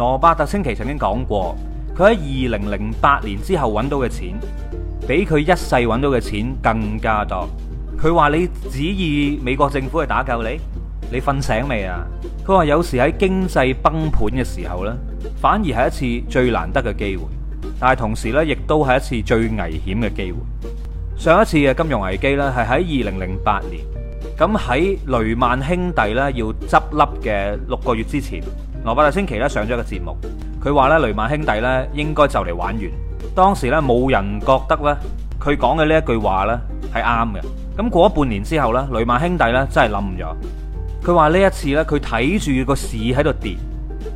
羅伯特清崎曾經講過，佢喺二零零八年之後揾到嘅錢，比佢一世揾到嘅錢更加多。佢話你旨意美國政府去打救你，你瞓醒未啊？佢話有時喺經濟崩盤嘅時候呢，反而係一次最難得嘅機會，但係同時呢，亦都係一次最危險嘅機會。上一次嘅金融危機呢，係喺二零零八年，咁喺雷曼兄弟呢，要執笠嘅六個月之前。羅伯特·清崎咧上咗一個節目，佢話咧雷曼兄弟咧應該就嚟玩完。當時咧冇人覺得咧佢講嘅呢一句話咧係啱嘅。咁過咗半年之後咧，雷曼兄弟咧真係冧咗。佢話呢一次咧佢睇住個市喺度跌，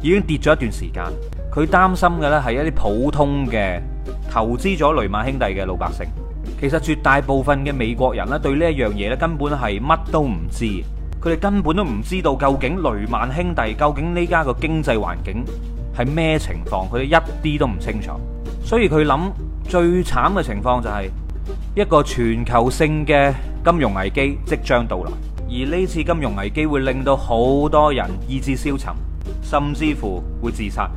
已經跌咗一段時間。佢擔心嘅咧係一啲普通嘅投資咗雷曼兄弟嘅老百姓。其實絕大部分嘅美國人咧對呢一樣嘢咧根本係乜都唔知。佢哋根本都唔知道究竟雷曼兄弟究竟呢家嘅經濟環境係咩情況，佢哋一啲都唔清楚。所以佢諗最慘嘅情況就係、是、一個全球性嘅金融危機即將到來，而呢次金融危機，會令到好多人意志消沉，甚至乎會自殺。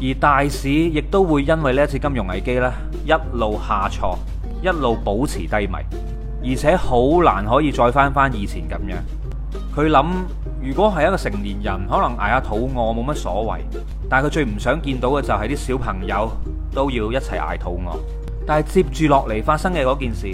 而大市亦都會因為呢次金融危機咧，一路下挫，一路保持低迷，而且好難可以再翻翻以前咁樣。佢諗，如果係一個成年人，可能挨下肚餓冇乜所謂，但係佢最唔想見到嘅就係啲小朋友都要一齊挨肚餓。但係接住落嚟發生嘅嗰件事，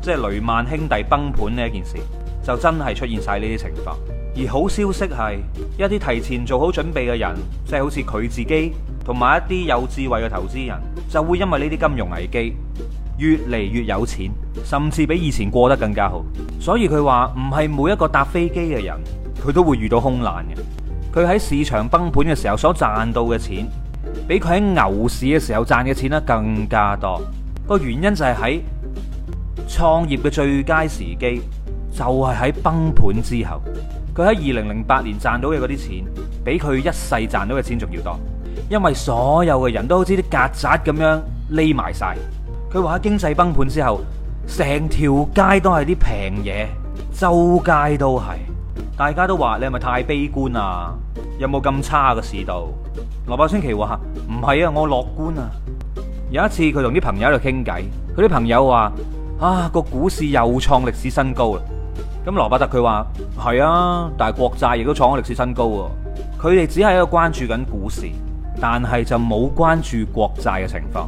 即係雷曼兄弟崩盤呢件事，就真係出現晒呢啲情況。而好消息係，一啲提前做好準備嘅人，即係好似佢自己同埋一啲有智慧嘅投資人，就會因為呢啲金融危機。越嚟越有錢，甚至比以前過得更加好。所以佢話唔係每一個搭飛機嘅人，佢都會遇到空難嘅。佢喺市場崩盤嘅時候所賺到嘅錢，比佢喺牛市嘅時候賺嘅錢咧更加多。個原因就係喺創業嘅最佳時機，就係喺崩盤之後。佢喺二零零八年賺到嘅嗰啲錢，比佢一世賺到嘅錢仲要多。因為所有嘅人都好似啲曱甴咁樣匿埋晒。佢話喺經濟崩盤之後，成條街都係啲平嘢，周街都係。大家都話你係咪太悲觀啊？有冇咁差嘅市道？羅伯遜奇話唔係啊，我樂觀啊。有一次佢同啲朋友喺度傾偈，佢啲朋友話啊，個股市又創歷史新高啦。咁羅伯特佢話係啊，但係國債亦都創咗歷史新高。佢哋只係喺度關注緊股市，但係就冇關注國債嘅情況。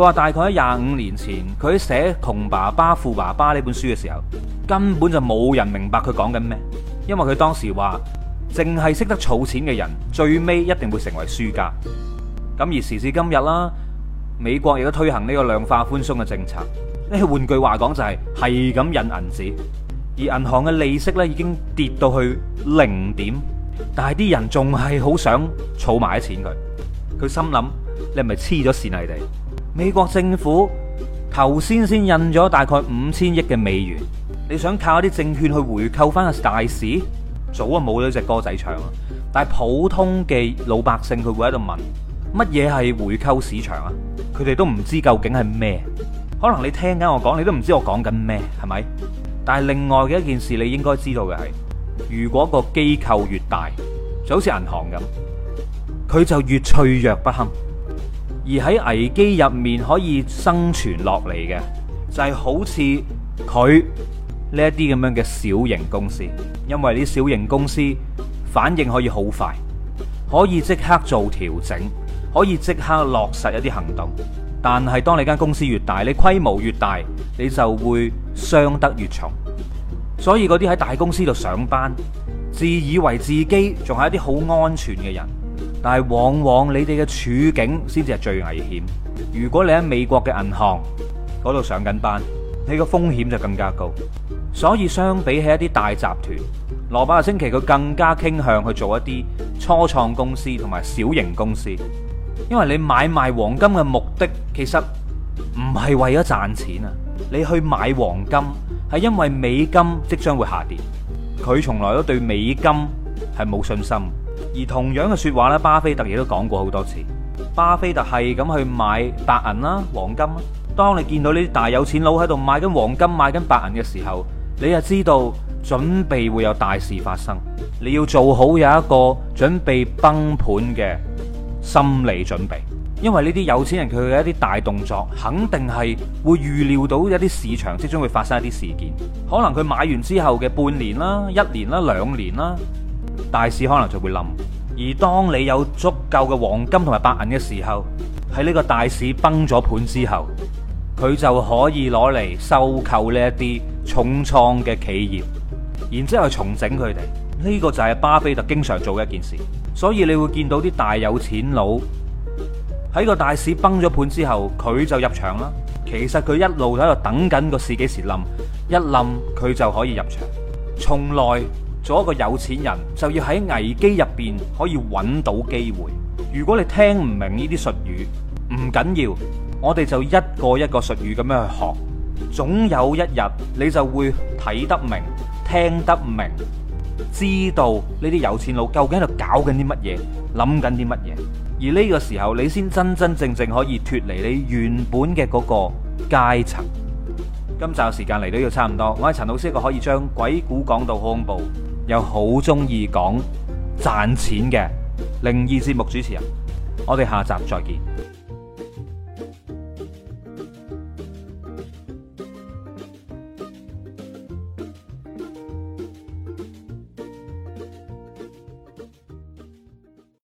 佢話：大概喺廿五年前，佢寫《窮爸爸富爸爸》呢本書嘅時候，根本就冇人明白佢講緊咩，因為佢當時話，淨係識得儲錢嘅人最尾一定會成為輸家。咁而時至今日啦，美國亦都推行呢個量化寬鬆嘅政策，呢句換句話講就係係咁印銀紙，而銀行嘅利息呢已經跌到去零點，但係啲人仲係好想儲埋啲錢佢。佢心諗你係咪黐咗線嚟哋。」美國政府頭先先印咗大概五千億嘅美元，你想靠一啲證券去回購翻個大市，早啊，冇咗隻歌仔唱啊！但係普通嘅老百姓佢會喺度問乜嘢係回購市場啊？佢哋都唔知究竟係咩。可能你聽緊我講，你都唔知我講緊咩，係咪？但係另外嘅一件事，你應該知道嘅係，如果個機構越大，就好似銀行咁，佢就越脆弱不堪。而喺危機入面可以生存落嚟嘅，就係好似佢呢一啲咁樣嘅小型公司，因為啲小型公司反應可以好快，可以即刻做調整，可以即刻落實一啲行動。但係當你間公司越大，你規模越大，你就會傷得越重。所以嗰啲喺大公司度上班，自以為自己仲係一啲好安全嘅人。但係往往你哋嘅處境先至係最危險。如果你喺美國嘅銀行嗰度上緊班，你個風險就更加高。所以相比起一啲大集團，羅伯特清崎佢更加傾向去做一啲初創公司同埋小型公司。因為你買賣黃金嘅目的其實唔係為咗賺錢啊，你去買黃金係因為美金即將會下跌，佢從來都對美金係冇信心。而同樣嘅説話咧，巴菲特亦都講過好多次。巴菲特係咁去買白銀啦、黃金啦。當你見到呢啲大有錢佬喺度買緊黃金、買緊白銀嘅時候，你就知道準備會有大事發生，你要做好有一個準備崩盤嘅心理準備。因為呢啲有錢人佢嘅一啲大動作，肯定係會預料到一啲市場即將會發生一啲事件。可能佢買完之後嘅半年啦、一年啦、兩年啦，大市可能就會冧，而當你有足夠嘅黃金同埋白銀嘅時候，喺呢個大市崩咗盤之後，佢就可以攞嚟收購呢一啲重創嘅企業，然之後去重整佢哋。呢個就係巴菲特經常做嘅一件事，所以你會見到啲大有錢佬喺個大市崩咗盤之後，佢就入場啦。其實佢一路喺度等緊個市幾時冧，一冧佢就可以入場，從來。做一個有錢人就要喺危機入邊可以揾到機會。如果你聽唔明呢啲術語，唔緊要，我哋就一個一個術語咁樣去學，總有一日你就會睇得明、聽得明、知道呢啲有錢佬究竟喺度搞緊啲乜嘢、諗緊啲乜嘢。而呢個時候，你先真真正正可以脫離你原本嘅嗰個階層。今集時間嚟到要差唔多，我係陳老師，一個可以將鬼故講到恐怖又好鍾意講賺錢嘅靈異節目主持人，我哋下集再見。